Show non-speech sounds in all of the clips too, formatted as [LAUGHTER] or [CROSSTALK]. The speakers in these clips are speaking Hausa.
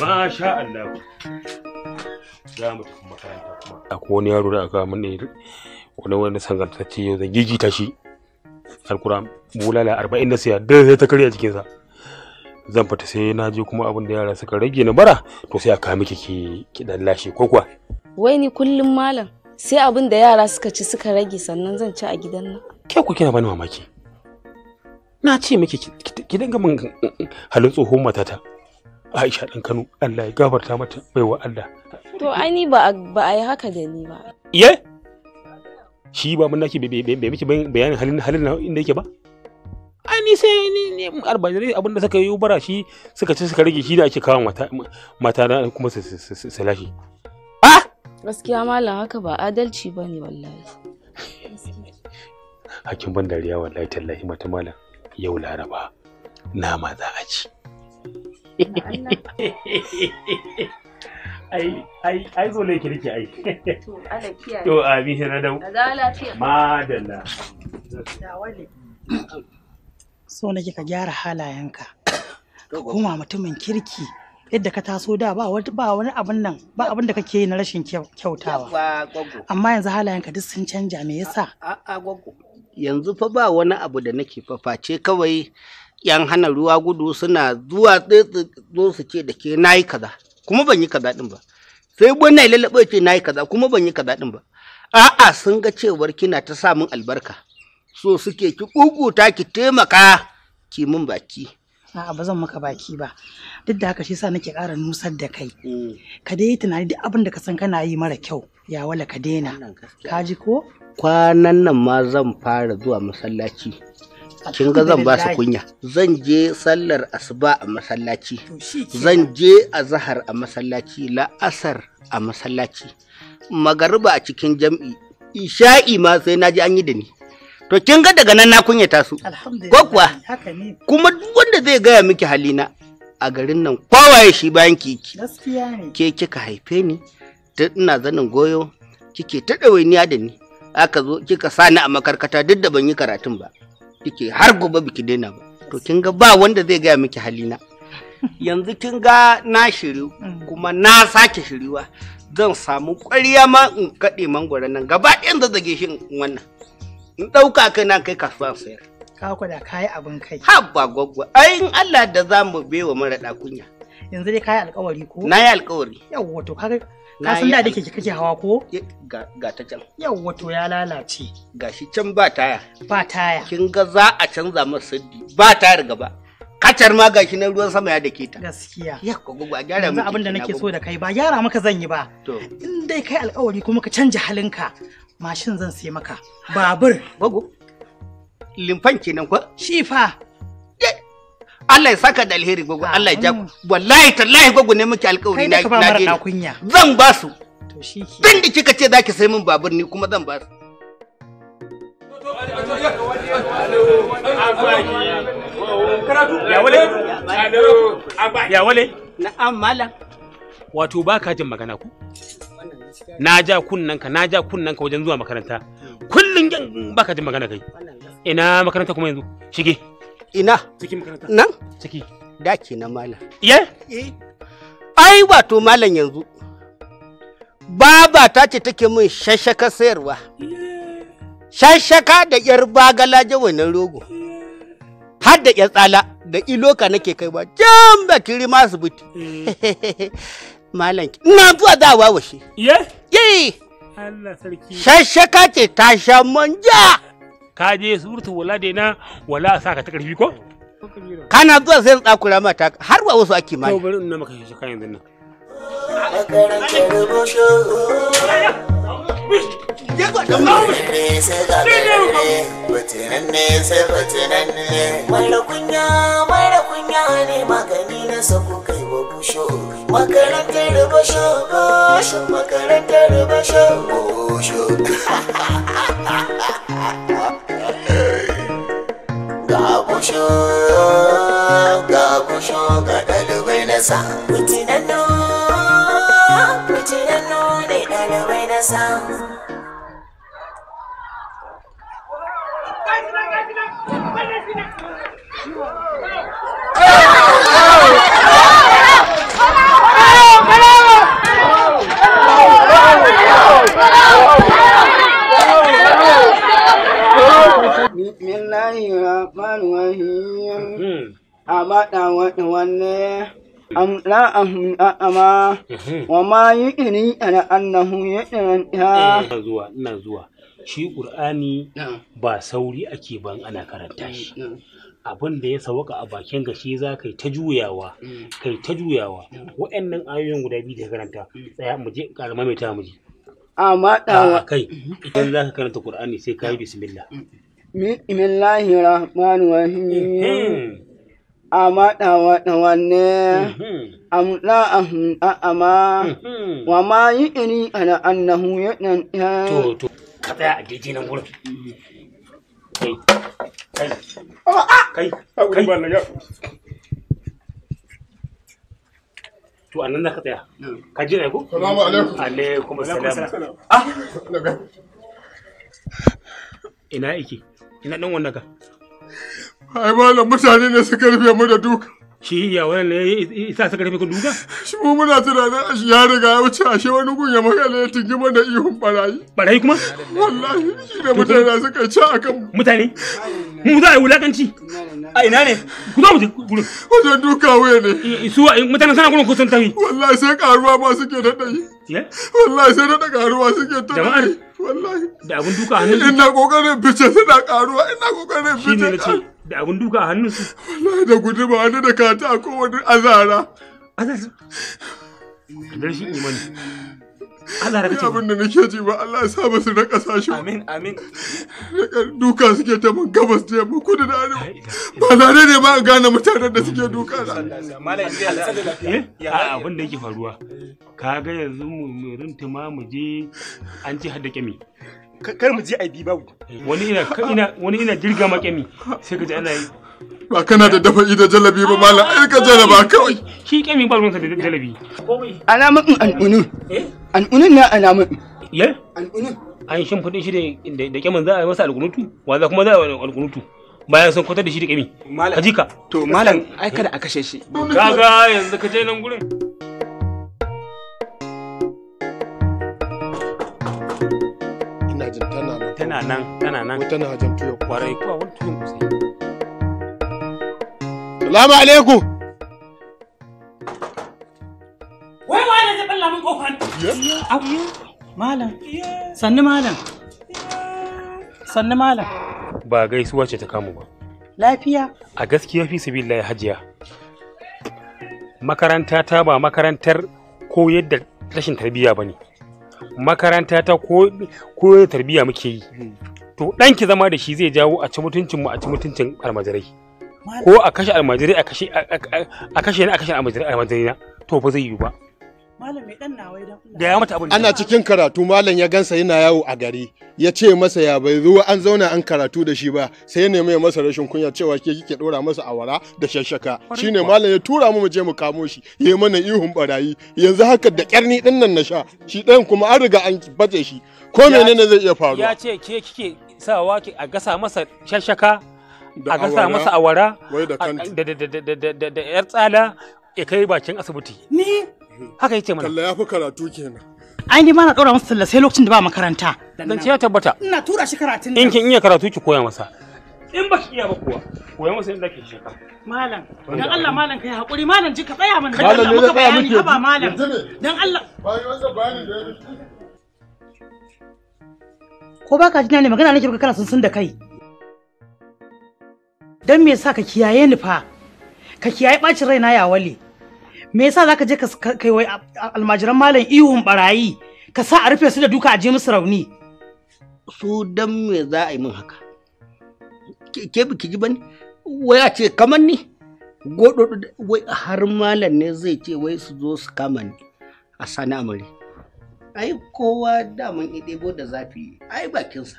masha Allah za mu tafi makaranta kuma akwai wani yaro da aka mun wani wani sangantacce yau zan gigita shi alkura bulala arba'in da siya dai sai ta karya jikinsa zan fita sai na je kuma abin da yara suka rage na bara to sai a kawo miki ki ki dan lashe ko kuwa wai ni kullum malam sai abin da yara suka ci suka rage sannan zan ci a gidan nan ke ku kina bani mamaki na ce miki ki dinga min mm, mm, halin tsohon matata Aisha ɗan Kano Allah ya gafarta mata baiwa Allah. To ai ni ba ba ai haka da ni ba. Ye? Shi ba mun naki bai miki bayanin halin halin na inda yake ba? Ai ni sai ni arbajiri abin da suka yi bara shi suka ci suka rage shi da ake kawo mata mata na kuma su lashi. Ah! Gaskiya malam haka ba adalci ba ne wallahi. Hakin ban dariya wallahi tallahi mata malam. yau laraba nama za a ci ai ai ai zo laiki nake ai to ala to abi na dau da lafiya madalla da wale so nake ka gyara halayenka ka koma mutumin kirki yadda ka taso da ba wani abin nan ba abin da kake yi na rashin kyautawa amma yanzu halayenka duk sun canja me yasa a'a gwaggo yanzu fa ba wani abu da nake faface kawai yan hana ruwa gudu suna zuwa zo su ce da ke nayi kaza kuma ban yi kaza din ba sai gwamna ya lalaɓa ce nayi kaza kuma ban yi kaza din ba a'a sun ga cewar kina ta samun albarka so suke ki kukuta ki taimaka ki mun baki a'a ba zan maka baki ba duk da haka shi sa nake ƙara nusar da kai mm. ka dai tunani duk abin da ka san kana yi mara kyau ya wala ka daina ka ji ko kwanan nan ma zan fara zuwa masallaci kin ga zan ba su kunya zan je sallar asuba a masallaci zan je azahar a masallaci la'asar a masallaci magariba a cikin jam'i isha'i ma sai na ji an yi da ni to kin ga daga nan na kunyata su ko kuwa kuma duk wanda zai gaya miki halina a garin nan kowaye shi bayan kiki ke kika haife ni ina zanin goyo kike ta ɗawainiya da ni aka zo kika sani a makarkata duk da ban yi karatun ba kike har gobe biki daina ba to kin ga ba wanda zai gaya miki halina [LAUGHS] yanzu kin ga na shiru mm. kuma na sake shiriwa zan samu ƙwarya ma in kaɗe mangwara nan gaba ɗayan zage shi wannan in ɗauka kai na kai kasuwa sayar ka da kayi abin kai ha ba gwaggwa ai in Allah da za mu bewa mara kunya yanzu dai kayi alƙawari ko na yi alƙawari. to kaga ka san da dake kake hawa ko ga ta can yawa to ya lalace gashi can ba taya ba taya kin ga za a canza masa siddi ba tayar gaba kacar ma gashi na ruwan sama ya dake ta gaskiya ya ko gugu a gyara mu abin da nake so da kai ba gyara maka zan yi ba to in dai kai alƙawari kuma ka canja halinka mashin zan sai maka babur bago limfan kenan ko shi fa Allah ya saka da alheri gogo Allah ya ja wallahi tallahi gogo ne muke alƙawari na na zan ba su to shi ke tun da kika ce zaki sai min babur ni kuma zan ba su ya wale na'am malam wato baka jin magana ku na ja kunnanka na ja kunnanka wajen zuwa makaranta kullum baka jin magana kai ina makaranta kuma yanzu shige ina cikin makaranta nan ciki daki na malam ye eh. ai wato malam yanzu baba ta ce take min shashaka sayarwa shashaka da yar bagala na rogo har da yar tsala da iloka nake kai ba jan bakiri ma asibiti eh. [LAUGHS] malam ina zuwa za a wawashe ye ye shashaka ce ta sha manja ka je wala de na wala sa ka ta karfi ko kana zuwa sai tsakura mata har wa wasu ake mai to bari in maka shi kan yanzu nan Makarantar basho, makarantar basho, kusho ga kusho ga dalibai na sa kutinanno kutinanno ne dalibai na sa Oh! bismillahi rahman rahim hmm. abada wata wanne am la ahun ama hmm. wa ma yi yikini ana annahu yadanta eh, zuwa ina zuwa shi qur'ani ba sauri ake ban ana karanta hmm, shi abin da ya sawaka a bakin gashi za kai ta juyawa kai ta juyawa wa'annan ayoyin guda biyu da karanta tsaya mu je karama mai ta mu a madawa kai idan za ka karanta qur'ani sai ka yi bismillah بسم الله الرحمن الرحيم أم لا أهم أما وما يئني أنا أنه يتنى كذا أجينا نقول kai kai oh, ah! kai kai ba na to annan da ka tsaya ka ji ko salamu alaikum alaikum ah! ina Ina ɗan wannan ka? Ai malam mutane ne su karfe mu da duka. Shi ya wani ne isa su karfe ku duka? Shi mu muna tunanin shi ya riga ya wuce ashe wani gun ya makale ya tingi mana ihun barayi. Barayi kuma? Wallahi shi da mutane suka ci a kan Mutane? Mu za a yi wulakanci? A ina ne? Ku zo mu je Wajen duka wuya ne. Su mutane sana ko kusan tawi. Wallahi sai karuwa ma suke da ɗanyi. wallahi sai na da karuwa suke ta jama'ar wallahi da abun duka hannun ina kokarin fice suna karuwa ina kokarin fice shine ce da abun duka hannun su wallahi da guduma wani da kata ko wani azara azara dan shi imani Allah raka abin da nake ji ba Allah ya sa ba su raka sashi amin amin duka suke ta mun gabas da yamma kudu da arewa ba na ne ma gane mutanen da suke duka na eh, a abin da yake faruwa ka ga yanzu mu rintuma mu je an ci hadda kyami kar mu je ai bi wani ina wani ina jirga makami sai ka ji ana yi ba kana da dafa ido jalabi ba malam ai ka jalaba kawai ki ke min balon ka da jalabi alamun al'unun eh? al'unun na alamun ye al'unun an shin fudin shi da kemin za a masa alkunutu wa za kuma za a alkunutu bayan sun kwatar da shi da kemi malam ka to malam ai kada a kashe shi kaga yanzu ka je nan gurin ina jin tana nan tana nan tana nan ko tana jin tuyo kwarai kwa wani tuyon kusa Salamu alaikum. Wai wa ne zai balla min Abu malam. Sannu malam. Sannu malam. Ba gaisuwa ce ta kamu ba. Lafiya. A gaskiya fi billahi hajiya. Makaranta ta ba makarantar ko yadda rashin tarbiyya ba ne. Makaranta ta ko yadda tarbiyya muke yi. To ɗanki zama da shi zai jawo a ci mutuncinmu a ci mutuncin almajirai. ko a kashe almajiri a kashe a kashe ni a kashe almajirai na to ba zai yi ba mata da. ana cikin karatu malam ya gansa yana yawo a gari ya ce masa ya bai zuwa an zauna an karatu da shi ba sai ya nemi masa rashin kunya cewa ke kike dora masa awara da shashaka shine malam ya tura mu mu je mu kamo shi yayi mana ihun barayi yanzu haka da kyarni din nan na sha shi dan kuma an riga an bace shi ko menene zai iya faru? ya ce ke kike sawa ki a gasa masa shashaka a gasa masa awara da yar tsala ya kai bakin asibiti ni haka yace mana Allah ya fi karatu kenan ai ni ma na dora masa sai lokacin da ba makaranta dan ce ya tabbata ina tura shi karatun in kin iya karatu ki koya masa in ba ki iya ba kuwa koya masa inda ke shaka malam dan Allah malam kai hakuri malam ji ka tsaya mana dan Allah muka bayani ba malam dan Allah bai wanda bayani da ko baka na ne magana nake baka kana sun sun da kai don me yasa ka kiyaye ni fa ka kiyaye bacin raina ya wale me yasa zaka je ka kai wai almajiran malam ihun barayi ka sa a rufe su da duka a je musu rauni su dan me za a yi min haka ke biki ji bane wai a ce kamar ni godo wai har malam ne zai ce wai su zo su kama ni a sani amare ai kowa daman idebo da zafi ai bakinsa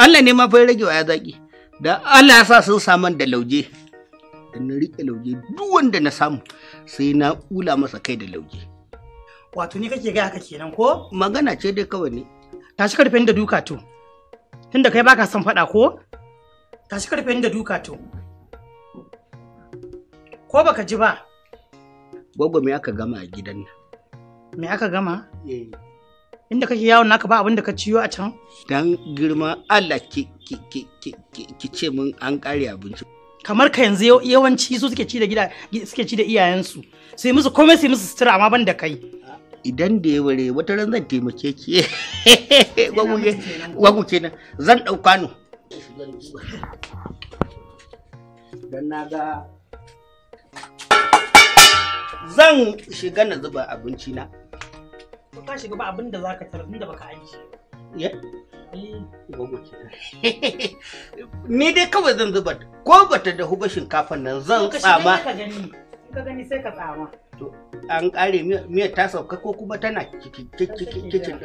Allah ne ma fa rage wa ya zaki da Allah ya sa sun saman da lauje da na riƙe lauje duk wanda na samu sai na ƙula masa kai da lauje wato ni kake ga haka kenan ko magana ce dai kawai ne tashi karfin da duka to tunda kai baka son faɗa ko tashi karfin da duka to ko baka ji ba gwagwa me aka gama a gidan nan me aka gama eh inda kake yawon naka ba abin da ka ciyo a can dan girma Allah ki ki ki ki ce mun an kare abinci kamar ka yanzu yawanci su suke ci da gida suke ci da iyayensu sai musu komai sai musu sutura amma ban da kai idan da ya ware wata ran zan taimake ki [LAUGHS] wagu kenan zan ɗau kwano dan na ga zan shiga na zuba abinci na in ka shiga ba abin da za ka tarar inda baka ya eh. [LAUGHS] ni dai kawai zan zuba ko bata dahu ba shinkafan nan zan tsama ka gani sai ka tsama to an kare miya ta sauka ko kuma tana kicin kicin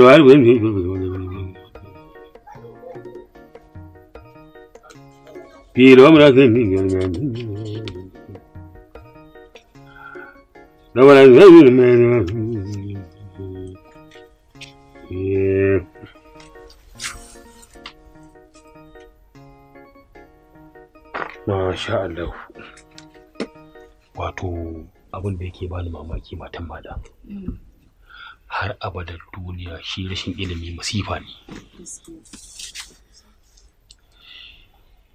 din Yeah. Masha Allah. Wato abin da yake bani mamaki matan mada. Har abadar duniya shi rashin ilimi masifa ne.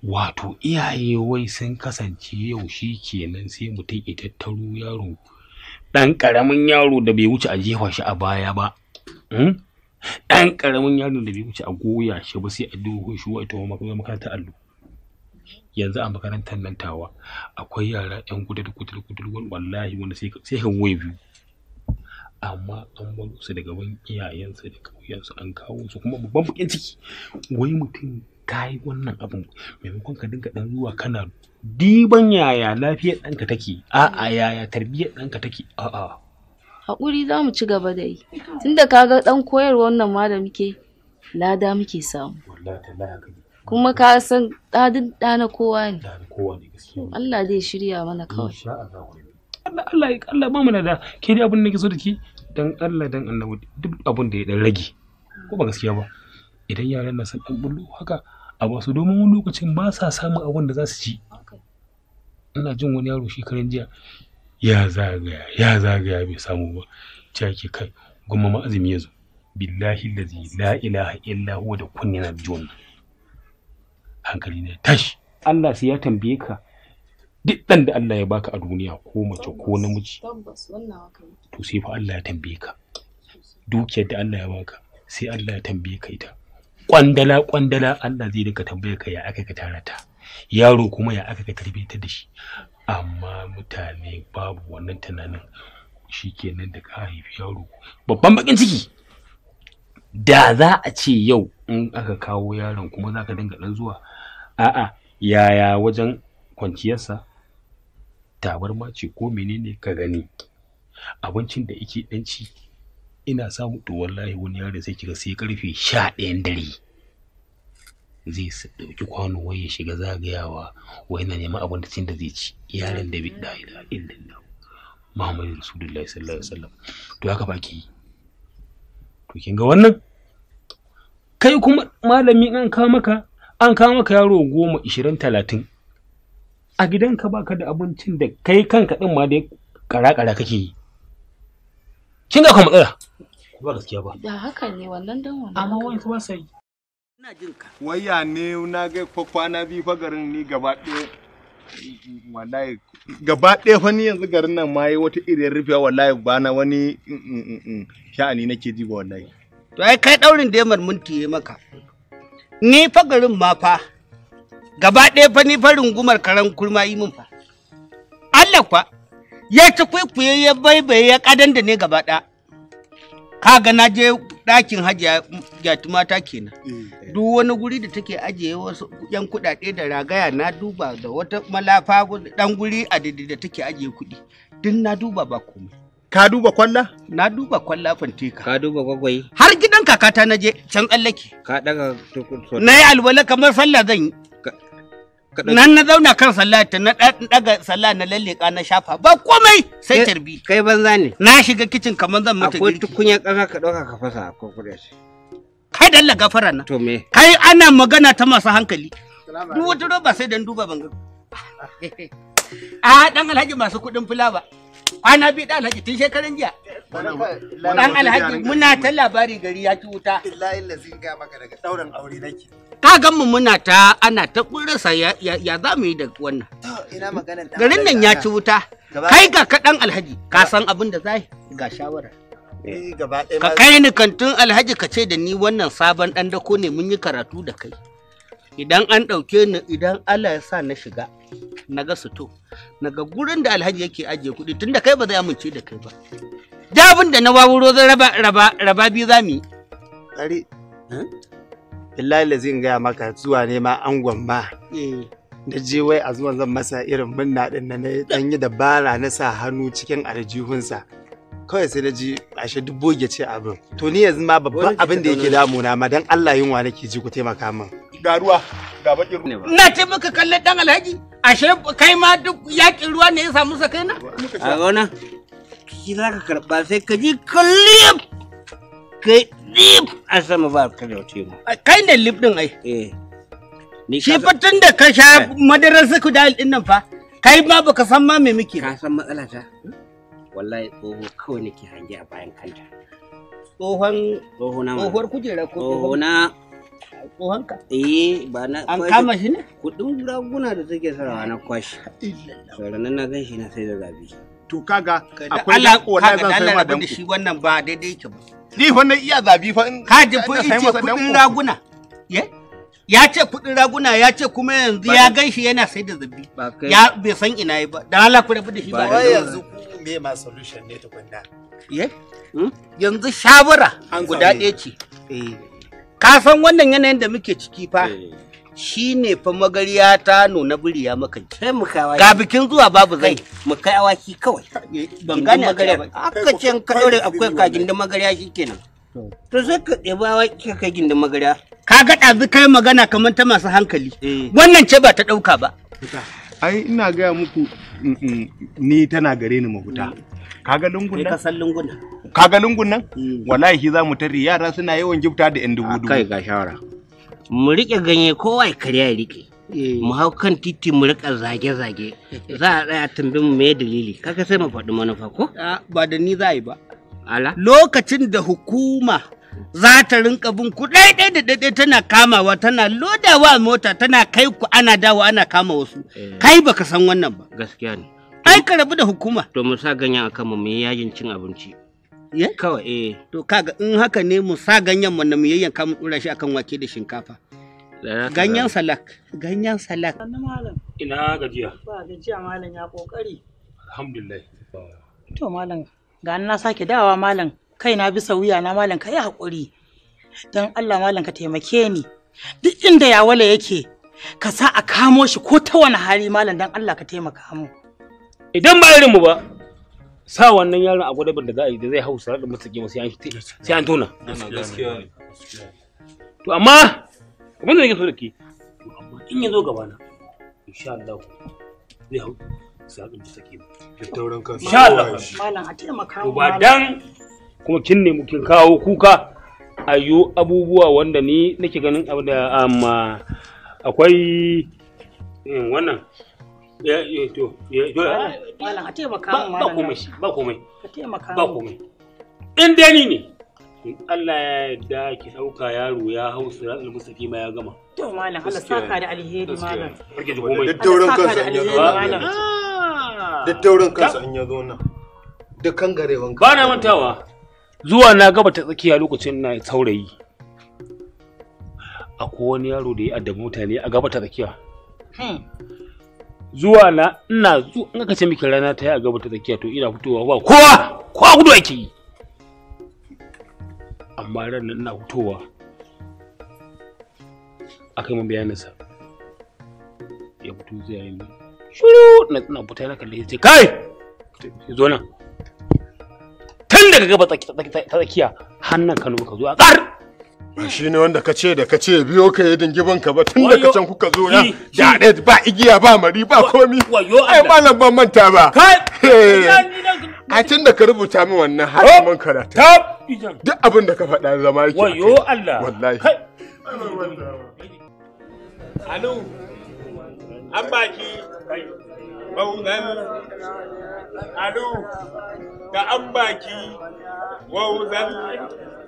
Wato iyaye wai sun kasance yau shi kenan sai mutum ya tattaro yaro ɗan ƙaramin yaro da bai wuce a jefa shi a baya ba. Hmm? Ɗan ƙaramin yaro da bai wuce a goya shi ba sai a doho shi wato makarantar allo. Yanzu a makarantar nan tawa akwai yara ‘yan gudar gudar gudar wallahi wanda sai ka wai biyu. Amma an wani su daga wani iyayensu da ƙauyensu an kawo su kuma babban bakin ciki wai mutum ka yi wannan abin maimakon ka dinga dan zuwa kana diban yaya lafiyar ɗanka take a'a yaya tarbiyyar ɗanka take a'a haƙuri za mu ci gaba da yi tunda ka ga ɗan koyarwa nan ma da muke lada muke samu kuma ka san ɗadin ɗa na kowa ne Allah zai shirya mana kawai Allah Allah Allah ba mu da ke dai abin da nake so da ke dan Allah dan annabi duk abun da ya dan rage ko ba gaskiya ba idan yaran nan san dan bullo haka a wasu domin wani lokacin ba sa samun abin da za su ci ina jin wani yaro shekaran jiya ya zagaya ya zagaya bai samu ba cake kai gumma ma azumi ya zo billahi lazi la ilaha illa huwa da kunni na biyu wannan hankali ne tashi Allah sai ya tambaye ka duk dan da Allah ya baka a duniya ko mace ko namiji to sai fa Allah ya tambaye ka dukiyar da Allah ya baka sai Allah ya tambaye ka ita kwandala kwandala Allah zai rika tambaye ka ya aka ka tara ta yaro kuma ya aka ka tarbe ta da shi amma mutane babu wannan tunanin shi shikenan da ka haifi yaro babban bakin ciki da za a ce yau in aka kawo yaron kuma za ka dinga dan zuwa a'a yaya wajen kwanciyarsa tabarmace ce ko menene ka gani abincin da yake dan ina samu to wallahi wani yaro sai kiga sai karfe sha ɗayan dare zai ɗauki kwano wai ya shiga zagayawa wai na neman abin da da zai ci yaron da bai da ila illallah Muhammadu Rasulullah sallallahu alaihi wasallam to haka ba ki to kin ga wannan kai kuma malami an ka maka an ka maka yaro goma ishirin talatin a gidanka baka da abincin da kai kanka din ma dai kara-kara kake yi kin ga ka matsala ba gaskiya ba da haka ne wannan dan wannan amma wani kuma sai ina jin ka waya ne na ga kwana biyu fa garin ni gaba ɗaya wallahi gaba ɗaya fa ni yanzu garin nan ma yi wata iriyar rufewa wallahi ba na wani mm, mm, mm, sha'ani nake ji ba wallahi to ai kai daurin da yamar minti ya maka ni fa garin ma fa gaba ɗaya fa ni fa rungumar karan kurma yi min fa Allah fa ya ci kwaikwaye ya baibaye ya kadan da ne gaba ɗaya kaga na je ɗakin hajiya mata kenan eh. duk wani guri da take ajiye wasu yan kuɗaɗe da ragaya na duba da wata malafa ɗan guri a da take ajiye kuɗi duk na duba ba komai ka duba kwalla na duba kwalla fanteka ka duba gwagwai har gidan kakata na je can tsallake ka daga na yi alwala kamar sallah zan yi nan na zauna kan sallata na daga sallah na lalleka na shafa ba komai sai tarbi kai banza ne na shiga kicin kamar zan mutu akwai tukunya ƙasa ka dauka ka fasa ko kudin kai dalla gafara na to me kai ana magana ta masu hankali duk wata roba sai dan duba ban a dan [LAUGHS] ah, alhaji masu kudin fulawa kwana bi da alhaji tun shekaran jiya Dan alhaji muna ta labari gari ya ci wuta. Illahi lazin ga maka daga aure nake. Ka gan mu muna ta ana ta kurasa ya za mu yi da wannan. Ina maganar Garin nan ya ci wuta. Kai ga kaɗan alhaji ka san abin da zai ga shawara. Eh, ka kai ni kantin alhaji ka ce da ni wannan sabon ɗan dako ne mun yi karatu da kai. Idan an ɗauke ni idan Allah ya sa na shiga. na ga suto na ga gurin da alhaji yake ajiye kuɗi tunda kai ba zai amince da kai ba dabin da na wawuro zan raba raba raba biyu za mu yi tsari billahi da zan gaya maka zuwa ne ma an gwamma. da eh. je wai a zuwan zan masa irin munna ɗin na na ɗan yi dabara na sa hannu cikin aljihunsa kawai sai na ji ashe duk boge ce abin to ni yanzu ma babban abin da yake damuna ma dan Allah wa nake ji ku taimaka min ga ruwa ga bakin ruwa ina ce maka kallon dan alhaji ashe kai ma duk yakin ruwa ne ya samu sa na? a gona baki za ka karɓa sai ka ji kalib kai a sama ba ka da wace mu kai ne lip din ai eh. shi fa da ka sha eh. madarar suku da din nan fa kai ma baka san ma me muke ka san matsala ta wallahi tsoho kawai nake hange a bayan kanta tsohon tsohuwar kujera ko tsohonka? Eh An kama shi ne? Kudin raguna da take sarawa na kwashi. Sauranan na gan shi na sai da to kaga akwai Allah wallahi zan sai ma shi wannan ba daidai yake ba ni wannan iya zabi fa ka ji fa yace kudin raguna ye ya ce kudin raguna ya ce kuma yanzu ya gan shi yana sai da zabi ya bai san ina yi ba dan Allah ku rabu da shi ba yanzu me ma solution ne tukunna ye hmm? yanzu shawara guda ɗaya ce eh. ka san wannan yanayin da muke ciki fa eh. shi ne fa magariya ta nuna biri ya makan ga bikin zuwa babu zai mu kai awaki kawai ban gane magariya ba aka ce ka dore akwai kajin da magariya shikenan to sai ka ɗebi awaki ka gindin magariya ka ga ɗazu yi magana kamar ta masu hankali eh. wannan ce ba ta ɗauka ba ai ina gaya muku mm, mm, ni tana gare ni mahuta mm. kaga lungun nan kasan lungun kaga lungun nan wallahi za mu tarri yara suna yawan gifta da yan dubu dubu kai ga shawara mu riƙe ganye kowa ya karya ya riƙe eh. mu hau kan titi mu riƙa zage-zage [LAUGHS] za a tsaya tambi mu mai dalili kaka sai mu faɗi manufa ko ba da ni za a yi ba ala lokacin da hukuma za ta rinka bin ku ɗaiɗai da ɗaiɗai tana kamawa tana lodawa mota tana kai ku ana dawa ana kama wasu eh. kai baka san wannan ba gaskiya ne ai ka rabu da hukuma to mu sa ganyen akan mu mu yi yajin cin abinci Yeah? Kawai eh. To kaga in haka ne mu sa ganyen mu na mu yayyanka mu dura shi akan wake da shinkafa. Ganyen salak, ganyen salak. Ina gajiya. Ba gajiya malam ya kokari. Alhamdulillah. To malam, ga na sake dawa malam, kai na bi sauya na malam kai hakuri. Dan Allah malam ka taimake ni. Duk inda ya wala yake, ka sa a kamo shi ko ta wani hali malam dan Allah ka taimaka mu. Idan ba irin mu ba, sa wannan yaron a gwadabar da za a yi da zai hau sarar da mutaki masu sai an tona to amma kamar da nake so da ke in ya zo gaba na insha Allah zai hau sarar da mutaki tattauran insha Allah malam a taimaka mu ba dan kuma kin nemi kin kawo kuka ayo abubuwa wanda ni nake ganin abu da amma um, akwai eh, wannan ya ya to ya to malam taimaka ba komai ba komai ba komai in dani ne Allah ya yarda ki dauka yaro ya hau siratul mustafi ma ya gama to malam Allah saka da alheri malam barke ji komai da ah! tauran kansa an yazo malam da tauran kansa an yazo nan da kangarewan na mantawa zuwa na gaba ta tsakiya lokacin na saurayi akwai wani yaro da ya addabi mutane a gaba ta tsakiya hmm. zuwa na ina zu in aka ce miki rana ta yi a gaba ta tsakiya to ina fitowa ba kowa kowa gudu ake yi amma ran nan ina fitowa aka yi min sa ya fito zai yi min shiru na tsina fita na kalle ce kai zo nan tun daga gaba ta tsakiya hannun kano ka zo a ƙar ba shi ne wanda ka ce da ka ce biyo ka yi dingibin ka ba tun da ka can kuka zo na daɗe ba igiya ba mari ba komi ai nan ban manta ba eh. a tun da ka rubuta min wannan man karata duk abin da ka faɗa zama yake wayo Allah wallahi Alu an baki waunan Alu ga an baki waunan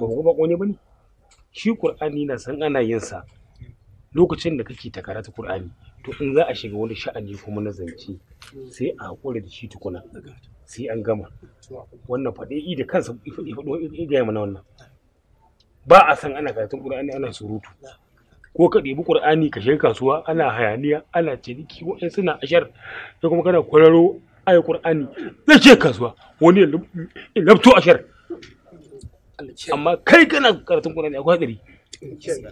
ba kuma bako ne ba ne shi qur'ani na san ana yin sa lokacin da kake ta karatu qur'ani to in za a shiga wani sha'ani kuma na zance sai a hakura da shi tukuna sai an gama wannan faɗe i da kansa i ga mana wannan ba a san ana karatun qur'ani ana surutu ko ka ɗebi ƙur'ani ka shiga kasuwa ana hayaniya ana ciniki wa'in suna ashar sai kuma kana kwararo ayi ƙur'ani zai kasuwa wani ya labto ashar amma kai kana karatun ne akwai gari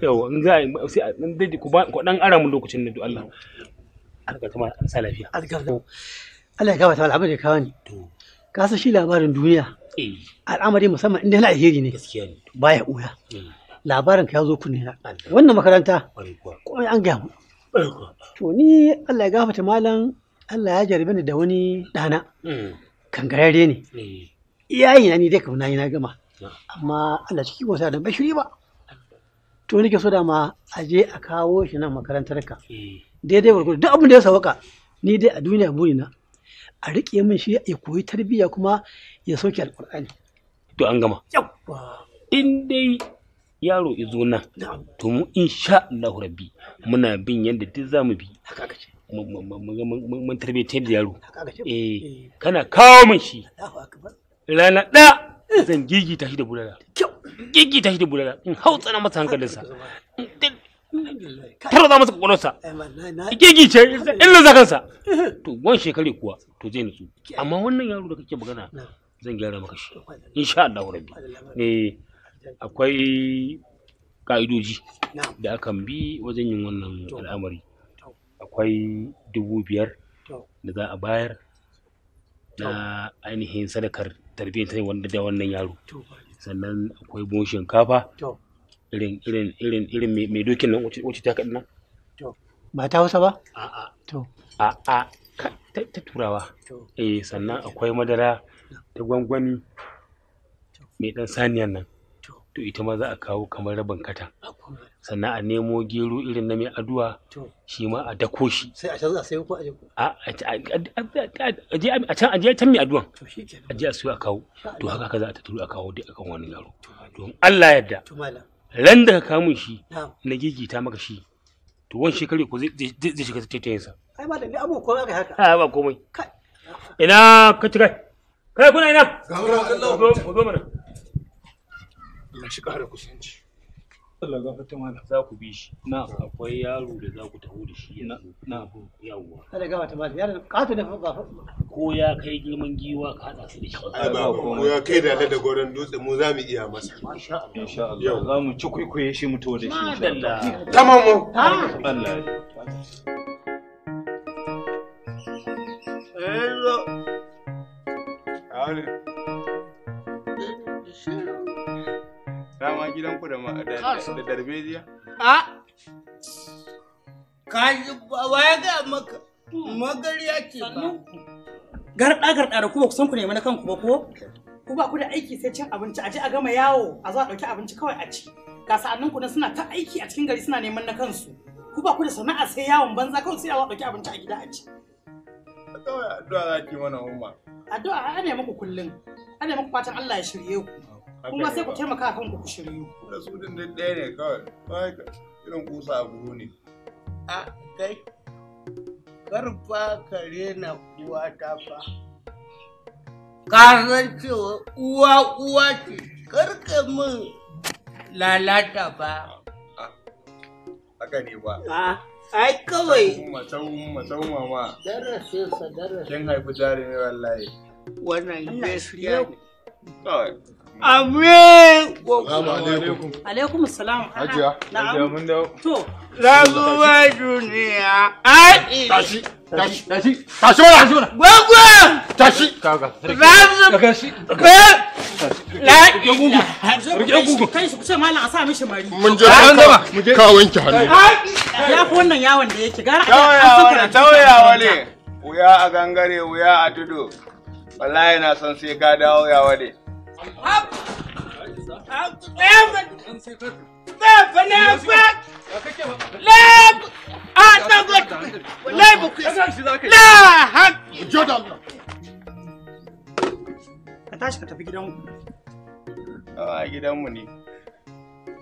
yau in za a yi sai dan dai ku ba ku dan ara mun lokacin na Allah alga ta an sa lafiya Allah ya gabata al'amari da kawani ka san shi labarin duniya eh. al'amari musamman inda na alheri ne gaskiya ne baya uya eh. labarin ka ya zo kunne na wannan makaranta kuma an gaya mu to ni Allah ya ta malam Allah ya jarabe ni da wani dana mm. kangararre ne eh. iyayi na ni dai kamar na yi na gama amma Allah ciki ko sai da bashiri ba to nake so da ma a je a kawo shi nan makarantar ka eh. daidai gurgudu duk abin da ya sauka ni dai a duniya na a rike min shi ya koyi tarbiyya kuma ya soke alƙur'ani to an gama in dai yaro izo nan to mu insha Allah rabbi muna bin yadda duk zamu bi mun mun tarbiyyar yaro eh, eh. kana kawo min shi rana ɗaya zan gigita shi da bulala gigita shi da bulala in hautsa na masa hankalinsa tara za masa kwakwalwarsa eh, gigice illa za kansa to wani shekare kuwa to zai nutsu amma wannan yaro da kake magana zan gyara maka shi insha Allah rabbi ne eh, akwai ka'idoji da akan bi wajen yin wannan al'amari akwai dubu biyar da za a bayar na ainihin sadakar tarbiyyar wanda da wannan yaro sannan akwai buhun shinkafa irin irin irin irin mai dokin nan wacce ta kaɗin nan ba ta wasa ba a'a to a'a ta turawa eh sannan akwai madara ta gwangwani mai ɗan saniyan nan to ita ma za a kawo kamar rabin katan sannan a nemo gero irin na mai aduwa shi ma a dako shi sai a can a ko a je a can a je can mai aduwan a je a sayo a kawo to haka ka za a tattaro a kawo duk akan wani yaro to Allah yadda ran da ka kamun shi na gigita maka shi to wani shekari ko zai shiga tattayin sa ai ma da ni abu ko haka ba komai ina ka tikai kai kuna ina ga Allah ku mana Allah shi kusanci za ku bi shi Na akwai yaro da za ku taho da shi na yawwa kada gawa ta mali yaro kato da ba ko ya kai girman giwa ka hada su da shi ai ba ko ya kai da da goron dutse mu za mu iya masa insha Allah za mu ci kwaikwaye shi mu taho da shi insha Allah tamam mu Allah gidanku da darbejiya? A? Ka yi ya ga maka ya ke ba. Garɗa garɗa da kuma kusan ku nemi na kanku ba ko? Ku ba ku da aiki sai cin abinci a je a gama yawo a zo a ɗauki abinci kawai a ci. Ga sa'annin ku suna ta aiki a cikin gari suna neman na kansu. Ku ba ku da sana'a sai yawon banza kawai sai a zo a ɗauki abinci a gida a ci. Kawai addu'a za ki mana umma. Addu'a nemi muku kullum. nemi muku fatan Allah ya shirye ku. kuma sai ku taimaka kan ku shiryu da su din da ɗaya ne kawai kawai irin kusa a ne a kai karfa kare na uwa ta fa ka san cewa uwa uwa ce karka min lalata ba haka ne ba ai kawai macen macen mama darasin sa darasin kin haifi jari ne wallahi wannan gaskiya ne Amin. Alaikum salam. Hajiya. Hajiya mun dawo. To. Rabuwa duniya. Ai. Tashi. Tashi. Tashi. Tashi Tashi Gwagwa. Tashi. Kaga. Razu. Daga shi. Daga. La. Rike Rike gugu. Kai su kusa malam a sa mishi mari. Mun je. An gama. Ka wanke hannu. Ya fi wannan yawon da yake. Gara a saka. Tauyawa ne. Wuya a gangare, wuya a tudu. Wallahi na san sai ka dawo yawa ne. Up! Up! Left! Left! Ka tashi ka tafi gidanmu ne.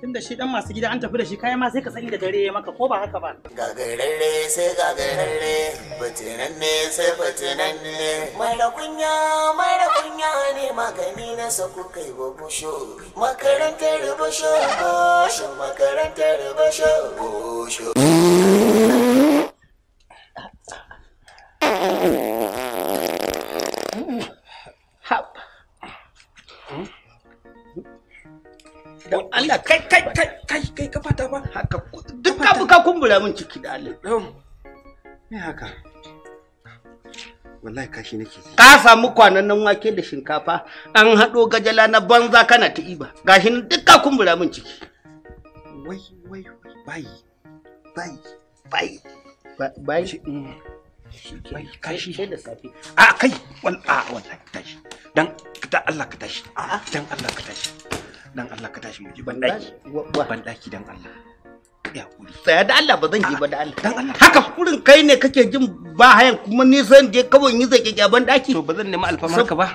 tunda shi dan masu gida an tafi da shi kayan ma sai ka san da dare ya maka ko ba haka ba gagarare sai gagararre fitinanne sai fitinanne mara kunya mara kunya ne magani na sa ku kai wa busho makarantar busho busho makarantar busho busho [LAUGHS] Allah kai kai kai kai kai kafa ta ba haka duk min ciki da Allah me haka wallahi ka samu kwanan wake da shinkafa an haɗo gajala na banza kana ta iba gashi nan duk min ciki Allah ka dan Allah ka tashi muje ban daki ban daki dan Allah ya kuri tsaya da Allah ba zan je ba da Allah dan Allah haka kurin kai ne kake jin ba hayan kuma ni zan je kawai yi zake ban daki to ba zan nemi alfarma ka ba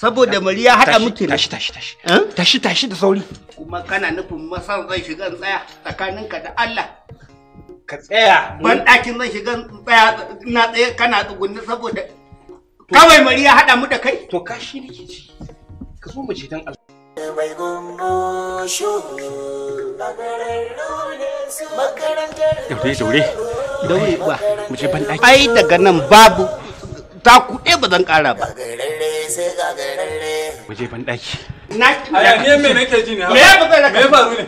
saboda mariya haɗa muke tashi tashi tashi eh? tashi tashi da sauri kuma kana nufin masan zai shiga tsaya tsakaninka da Allah ka tsaya ban ɗakin zan shiga tsaya na tsaye kana tsugunni saboda kawai mariya haɗa mu da kai to kashi nake ci ka zo mu je dan Allah mai gumno daure daure daure ba ban daki ai daga nan babu ta kuɗe eh, ba zan ƙara ba mu ban daki na ne me nake ji ne me ya me ya ne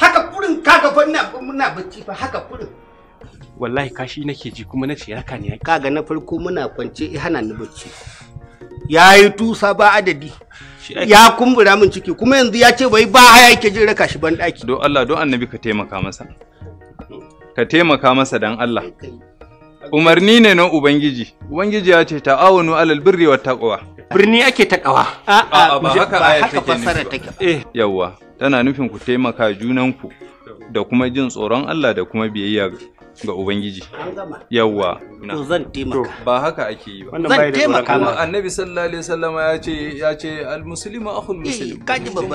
haka kurin kaga fa ina muna bacci fa haka kurin wallahi kashi nake ji kuma nace raka ne kaga na farko muna kwance eh, hana ni bacci yayi tusa ba adadi ya kumbura min ciki kuma yanzu ya ce bai ba haya yake jin raka shi ban daki don Allah don annabi ka taimaka masa ka taimaka masa dan Allah umarni ne na ubangiji ubangiji ya ce ta'awunu alal birri wat taqwa birni ake ta a a'a ba haka aya take ne eh yawa tana nufin ku taimaka junanku da kuma jin tsoron Allah da kuma biyayya ga ubangiji yawwa to zan taimaka ba haka ake yi ba zan taimaka ma annabi sallallahu alaihi wasallama ya ce ya ce al muslimu akhul eh, muslim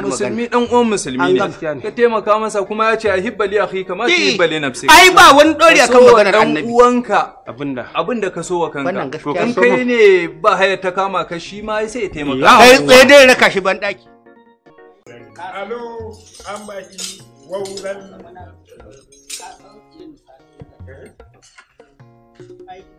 musulmi dan uwan musulmi ne ka taimaka masa kuma ya ce hibba li akhi kama eh, hibba li nafsi ai ba wani dori akan maganar annabi uwanka abinda abinda ka so wa kanka in kai ne ba haya ta kama ka shi ma sai ya taimaka kai tsaye dai raka shi ban daki alo an baki wauran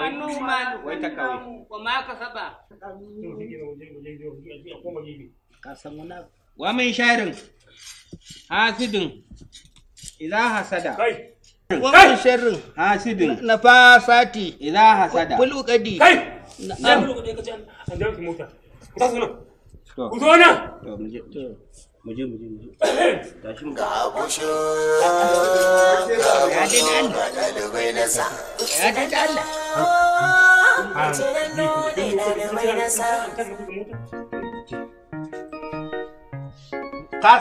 hannu malu wai wa ma sharin hasidin hasada kai wa mai sharin hasidin nafasati idza hasada kai na kul ka ce an mota zo nan ku zo nan mu je mu je mu je tashi mu ya ya ka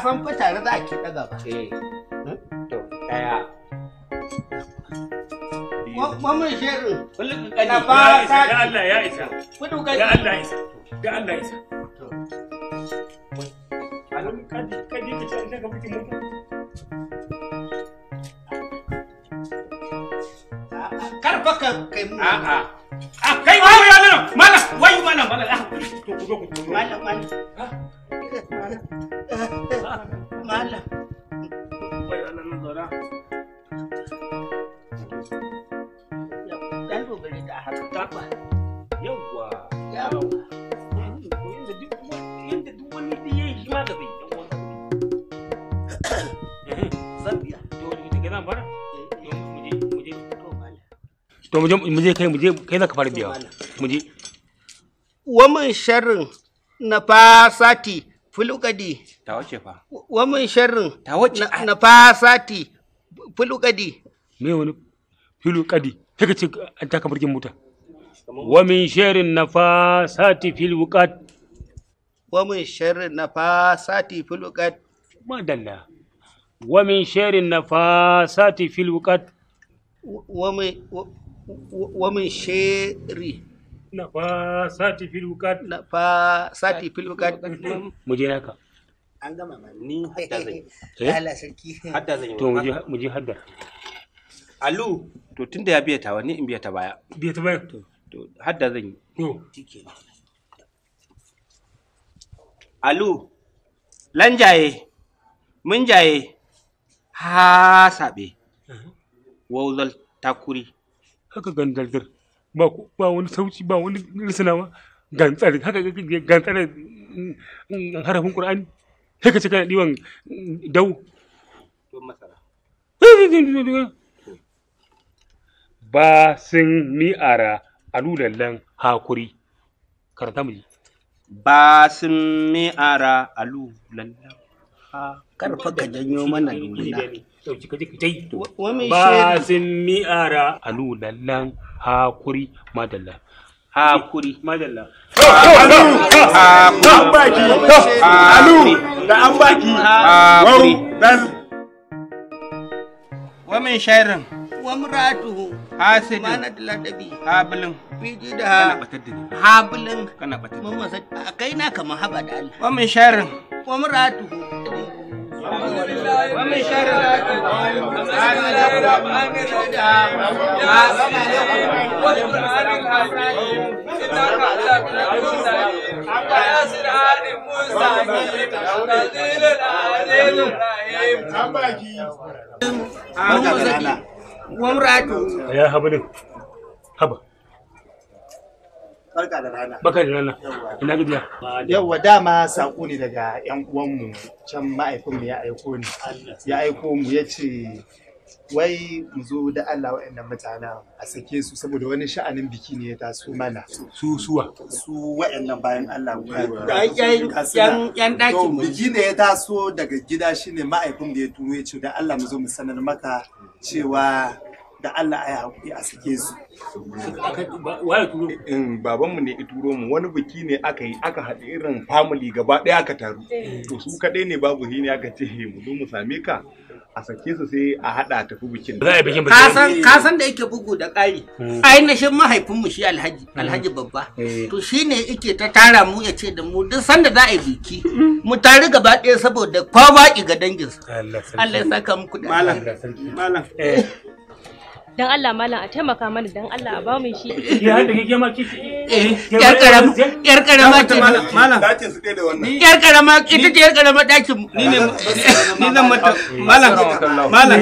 san fa tare za ki daga ba eh hmm? to daya shirin, na fara ta Allah ya isa, Allah isa, Allah isa. a'a ah, kai wai malam malam wai ah, malam malam malam malam to mu je kai mu je kai zaka fara biya mu je wa mun sharrin nafasati fil fulukadi ta wace fa wa mun sharrin ta wace nafasati fil fulukadi me wani fulukadi uqadi ce an taka burgin mota wa min sharrin nafasati fil fulukadi wa min sharrin nafasati fil fulukadi madalla wa min sharrin na fil uqad wa min ومن شيري sheri na fa sati fil wukat na fa sati an gama ma ni hadda zan yi eh? Allah sarki hadda zan yi to mu je hadda alu to tunda ya biya ta wani in biya ta baya biya ta baya to hadda zan yi to alu lanjaye mun jaye ha sabe eh. wauzal takuri haka gangantar ba ba wani sauci ba wani risinawa gantsar haka gantsar mm, mm, harafin qur'ani haka ka ce diwan dau ba sun mi'ara alulallan hakuri karanta mu ba sun mi'ara alulallan karfa ka janyo mana luluna. Ba sun mi'ara a lulallan hakuri madalla. Hakuri. Madalla. Alu! baki! Alu! Da an baki! Hakuri. Wamin shairin. Wamratuhu. Hasidin. Manat ladabi. Habilin. Fiji da ha. Kana batar da ni. Habilin. Kana batar da ni. Mamma sai kai na kamar haba da Allah. Wamin shairin. Wamratuhu. ومن شر القرآن الحكام ياسين والقرآن الحكيم إنك على كل شيء ياسر آل مستقيم نزيل العليم الرحيم ومراته يا هبل هبل barka da rana ina dama saƙo ne daga yan uwanmu can mu ya aiko ni ya aiko mu ya ce wai mu zo da Allah waɗannan mutanen a sake su saboda wani sha'anin biki ne ya taso mana su suwa su waɗannan bayan Allah ƴan ɗakin biki ne ya taso daga gida shine ma'aikun da ya turo ya ce da Allah mu zo mu sanar maka cewa da Allah ya haƙuri a su. Eh, eh, babanmu ne ituro mu wani biki ne aka yi aka haɗe irin family gaba ɗaya aka taru. Eh. To su kaɗai ne babu shi ne aka ce mu zo mu same ka a sake su sai a haɗa a Ka san da yake bugu da ƙari. Hmm. Ainihin mahaifinmu shi alhaji hmm. alhaji babba. To shi ne yake ta tara mu ya ce da mu duk sanda za a yi biki. Mu tare gaba ɗaya saboda kwa baƙi ga danginsa. Allah ya saka muku da. Malam. Malam. [LAUGHS] dan Allah malam a taimaka mana dan Allah a ba mu shi eh, eh, yar karama yar karama ce malam su da wannan yar karama ita ce yar karama dakin ni ne ni zan mata malam malam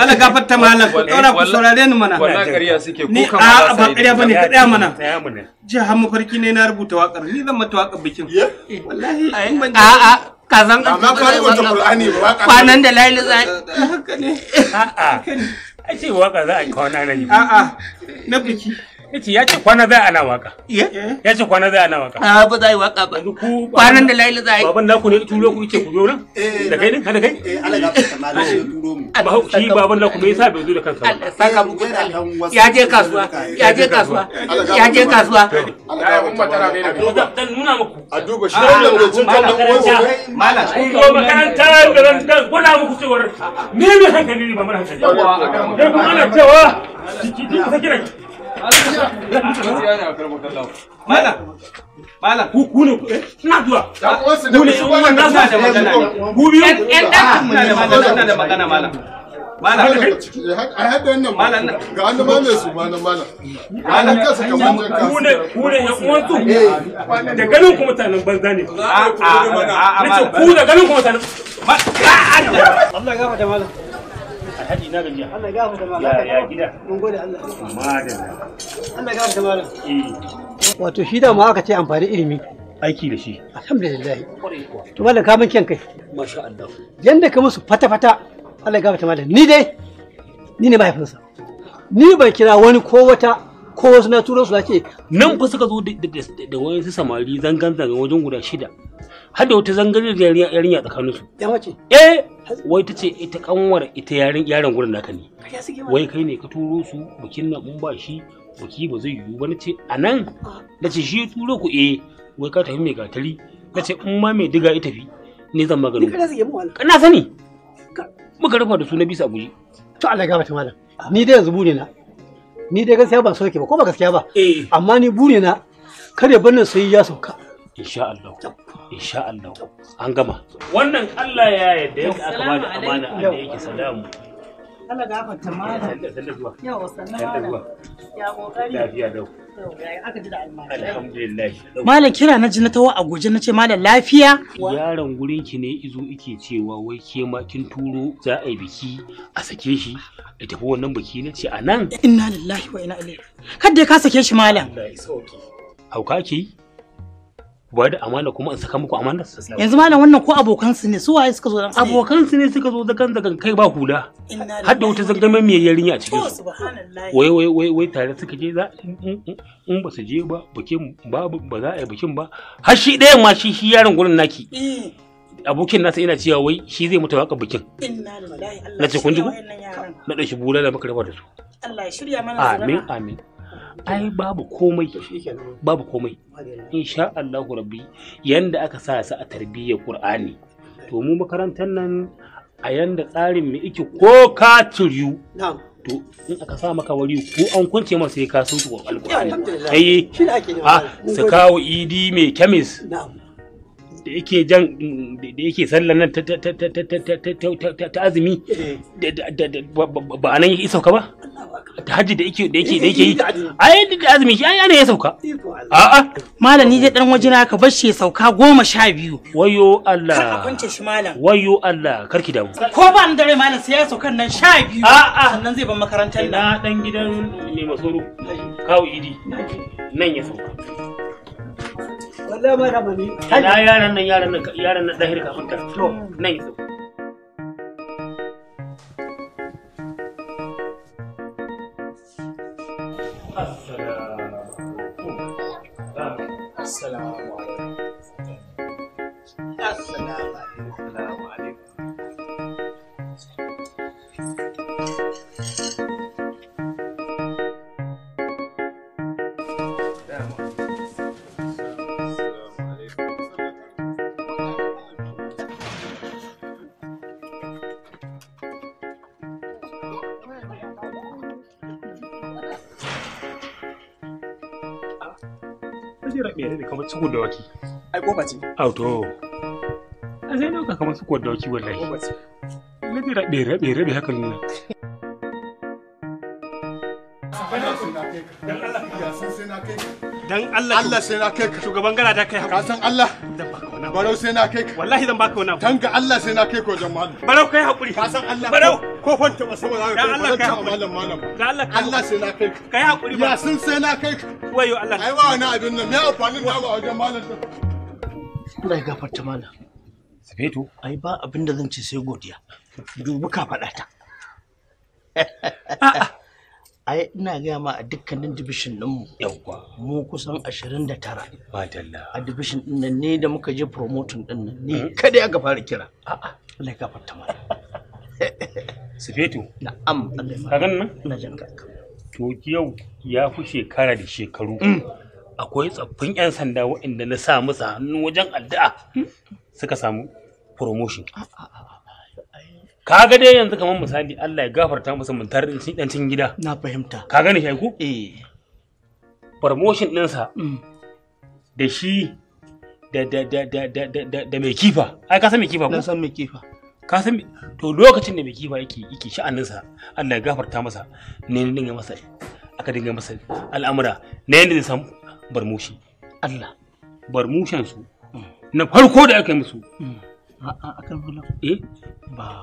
Allah gafarta malam ku ku saurare ni mana ko a ba bane ka daya mana ne na rubuta waƙar ni zan mata waƙar bikin eh, wallahi a a ka san amma ka rubuta qur'ani ba kwanan da laili za haka ne a'a a ce waka za a yi kwana rai a'a na biki yace ya ce kwana za ana waka ya ce kwana za ana waka a ba za yi waka ba kwanan da laila za baban naku ne turo ku yace ku zo nan da kai din kada kai shi baban naku me yasa bai zo da kansa ba saka muku ya je kasuwa ya je kasuwa ya je kasuwa ya umma tana ne da dan nuna muku a duba shi wannan lokacin kan dan uwan malam kun zo makaranta da ran dan gwada muku cewar ni ne hankali ne ba mun hankali ya kuma ana cewa ki ki ki Malam, malam. Ku ku ne eh? ina zuwa. Ku ne in wannan na da magana. Ku biyu. Ɗan ɗan na da magana na da magana malam. Malam. A haɗa wannan malam ga an ma mai su malam malam. Malam kansa ka mun ka. Ku ne ku ne ya uwan su. Eh. Da ganin ku mutanen banza ne. A ah, a ah, a ah, a. Nace ku da ganin ku mutanen. Allah ya gafarta malam. alhaji na gajiya Allah da malam ya gida mun gode Allah Allah da malam eh. wato shi da ma aka ce amfani ilimi aiki da shi alhamdulillah to malam ka kyan kai masha Allah yanda ka musu fata fata Allah gafu da malam ni dai ni ne mahaifinsa ni ban kira wani ko wata ko wasu na turo su ce nan fa suka zo da wani su samari zangan zangan wajen guda shida har da wata zangan da yarinya tsakanin su ya wace eh wai ta ce ita kanwar ita yarin yaran gurin naka ne wai kai ne ka turo su bikin nan mun ba shi baki ba zai yiwu ba na ce a nan ah. ce shi turo ku eh wai ka tafi mai gatari na ce in ma mai diga ita tafi ne zan maganin kana sani muka rufa da su na bisa guji to Allah ya gafarta malam ni dai yanzu bune na ni dai gaskiya b'a so yake ba ko ba gaskiya ba eh. amma ni buri na kare bannan sai ya sauka insha Allah insha Allah an gama wannan Allah ya yarda yake aka da amana Allah yake salamu Kala gafarta malam. Yau sannan Ya kokari. Lafiya dau. Malam kira na ji na tawo a guje na ce malam lafiya. Yaron gurin ki ne izo ike cewa wai ke ma kin turo za a yi biki a sake shi a tafi wannan biki na ce a nan. Inna lillahi wa inna ilaihi. Kadda ka sake shi malam. Allah ya sauke. Hauka ke yi? ba da amana kuma in saka muku amana yanzu malam wannan ko abokan su ne su waye suka zo dan abokan su ne suka zo zakan zakan kai ba hula har da wata zangame mai yarinya a cikin su wai wai wai wai tare suka je za in ba su je ba bikin ba ba za a yi bikin ba har shi ɗayan ma shi shi yaron gurin naki eh. abokin nasa ina cewa wai shi zai mutu waka bikin na ce kun ji ku na ɗauki bula da muka raba da su Allah ya shirya mana amin amin ai babu komai babu komai insha Allah rabbi yanda aka sa su a tarbiyyar Qur'ani to mu makarantar nan a yanda tsarin mu ike ko ka turiyu to in aka sa maka wari ko an kunce masa sai ka sauki alƙur'ani kai a su kawo idi mai kemis da yake jan da yake sallar nan ta azumi ba nan ya isa ka ba hajji da yake da yake da yake yi ai da azumi shi ai ana ya sauka a malam ni dai dan wajina ka bar shi sauka goma sha biyu wayo Allah ka kunce shi malam wayo Allah kar ki damu ko ba ni dare malam sai ya sauka nan sha biyu a sannan zai bar makarantar na dan gidan ne masoro kawo idi nan ya sauka wallahi ma ni bani yaran nan yaran nan yaran nan dahir kafin ta to nan ya sauka 饲料。suku da waki ai ce auto a zai kamar da waki wallahi ce rabe rabe rabe dan Allah Allah sai na kai ka shugaban gana ta kai ka san Allah barau sai na kai ka wallahi zan baka wani abu Tanga Allah sai na kai ka wajen malu barau kai haƙuri. ka san Allah barau ko fan taba sama za ka kai malam malam Allah sai na kai kai hakuri ba ya sun sai na kai wayo Allah ai ba wani abin nan me amfanin a wajen malam din malam ai ba abin da zan ce sai godiya dubi ka faɗa ta ai ina gaya ma a dukkanin division din mu yawwa mu kusan 29 madalla a division din nan ne da muka je promoting din nan ne hmm? kada aka fara kira a'a Allah ya gafarta malam [LAUGHS] sufetu na'am ka gan nan na jan ka to yau ya fi shekara da shekaru mm. akwai tsaffin yan sanda waɗanda na sa musu hannu wajen addu'a mm. suka samu promotion ah, ah, ah, ga dai yanzu kamar misali Allah ya gafarta musu mun tarin dan cin gida na fahimta ka gani shi ko eh promotion ɗinsa mm. da shi da da da da da da mai kifa ai ka san mai kifa ko na san mai kifa ka san to lokacin da mai kifa yake yake sa Allah ya gafarta masa ne ne dinga masa aka dinga masa al'amura ne ne zai samu barmushi Allah barmushan su mm. na farko da aka yi musu mm. a kan eh ba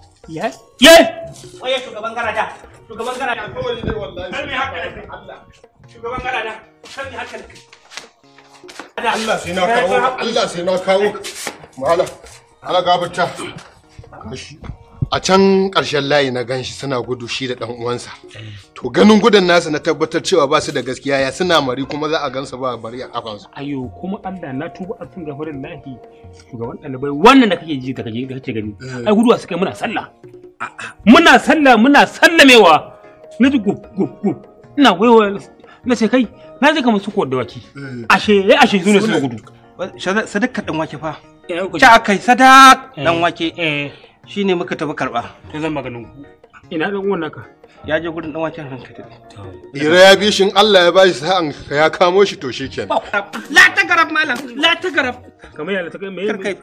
Yes? Ye! shugaban garada. Shugaban Allah. Shugaban Allah sai na kawo. Allah sai na kawo. Allah gafarta. Kashi. a can ƙarshen layi na ganshi suna gudu shi da ɗan uwansa eh. to ganin gudan nasu na tabbatar cewa ba su da gaskiya ya suna mari kuma za a gansa ba bari a kafansu ayo kuma Allah na tuba a cikin gafarin lahi shugaban bai wannan da kake ji da kake da kake gani eh. ai guduwa suka muna sallah muna sallah muna sallamewa na ji gub gub gub ina waiwa na ce kai na ji kamar su da waki eh. ashe ashe su ne su gudu sadaka dan wake fa ta akai sadaka dan wake eh shi ne muka tafi karɓa. Ta zan maganin ku. Ina ɗan uwan naka. Ya je gurin ɗan wancan ranka ta Ira ya bi shin Allah ya ba shi sa'an ya kamo shi to shi kenan. La ta garab malam, la ta garab. Kamar yana ta kai me? Karkai,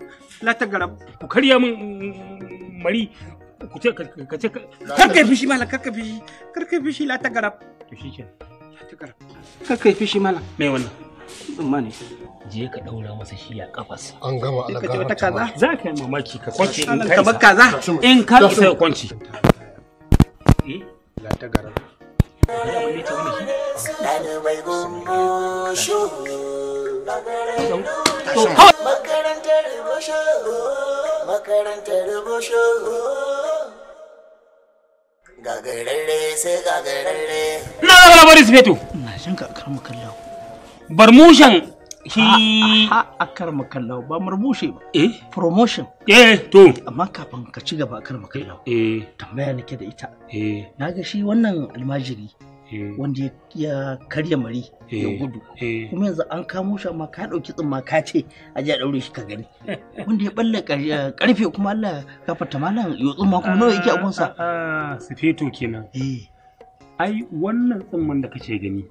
la ta garab. Ku karya min mm, mm, mm, mari ku ce ka ce karkai fishi malam karkai fishi karkai fishi la ta garab. To shi kenan. La ta garab. Karkai fishi malam. Me wannan? Tsumma ne. je ka daura masa shi a kafas an gama alagara kaza za ka yi mamaki ka in kai kaza in ka isa ya makarantar eh? makarantar gagararre sai gagararre na labarin su na shan ka barmushan He... Ha a karma kallawa ba murmushe ba. Eh. Promotion. Eh to. Amma kafin ka ci gaba a karma kallawa. Eh. Tambaya nake da ita. Eh. Na ga shi wannan almajiri. Eh. wanda ya karya mari ya eh. gudu eh. kuma yanzu an kamo shi amma ka dauki tsumma ka ce a ji a daure shi ka gani [LAUGHS] wanda ya balle karfe kuma Allah ya fata malam yotsin ma kuma nawa yake abun Ah, ah, ah sifeto kenan ai wannan tsumman da kace gani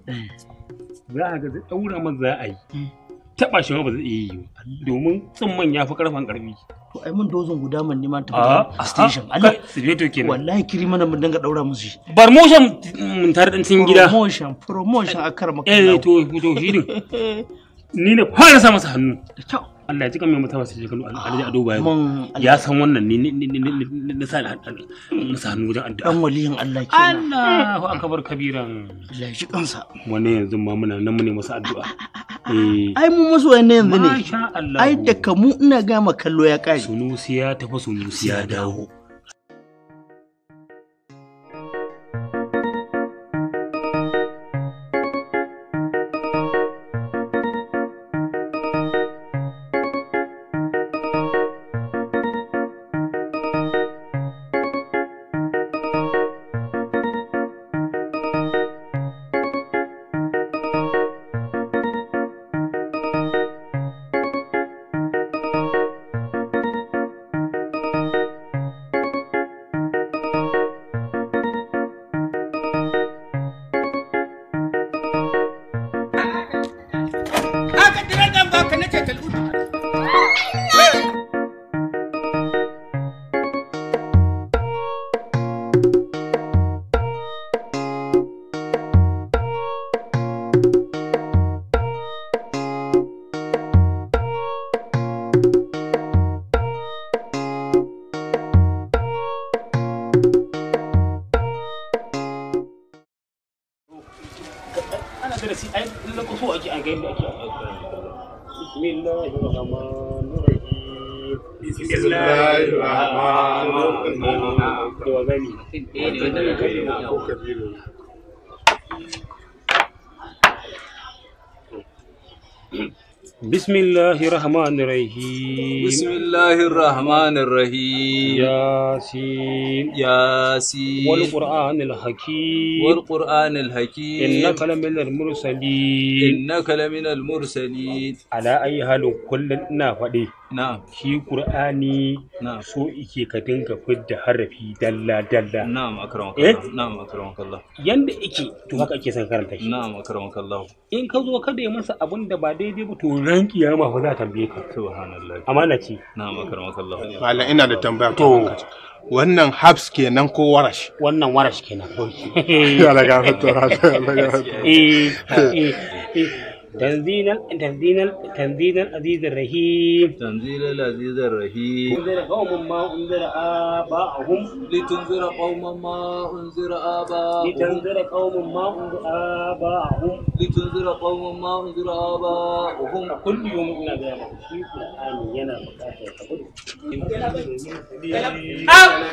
za a ga daura man za a yi taba shi ma ba zai iya yi ba domin tsimman ya fi karfan karfi to ai mun dozin guda man neman ta a ah, ah, station ah, Allah sibeto kenan wallahi kiri mana mun danga daura musu shi promotion mun mm, tare da cikin gida promotion promotion a karma eh to to shi din [LAUGHS] ni ne fara sa masa hannu da kyau Allah ya ji kamar mutawa sai ya kanu alhaji ado bayan ya san wannan ne na sa na sa hannu wajen addu'a dan waliyin Allah ke Allahu akbar kabiran Allah ya ji kansa wani yanzu ma muna nan mune masa addu'a ah, ah, ah, eh. ai mu musu wani yanzu ne Allah ai da kamu ina ga kallo ya kai sunusiya tafi sunusiya dawo Bismillahirrahmanirrahim. بسم الله الرحمن الرحيم ياسين ياسين والقرآن الحكيم والقرآن الحكيم إنك لمن المرسلين إنك لمن المرسلين على أي حال كل نافدي نعم في قرآني نعم سوء كي كتنك فد حرفي دلا دلا نعم أكرمك الله نعم أكرمك الله يند إكي تهك إكي سنكرن تشي نعم أكرمك الله إن كذو كده يمسا أبن دبادي دي بتورنك يا ما هنا تنبيك سبحان الله أمانة lokaci makar akramakallahu malam ina da tambaya to wannan habs kenan ko warash wannan warash kenan [LAUGHS] ya daga fito eh eh, eh تنزيل تنزيل تنزيل العزيز الرحيم تنزيل العزيز الرحيم انذر قوما ما انذر اباهم لتنذر قوما ما انذر اباهم لتنذر قوما ما انذر اباهم لتنذر قوما ما انذر اباهم كل يوم إلى ذلك في قران ينا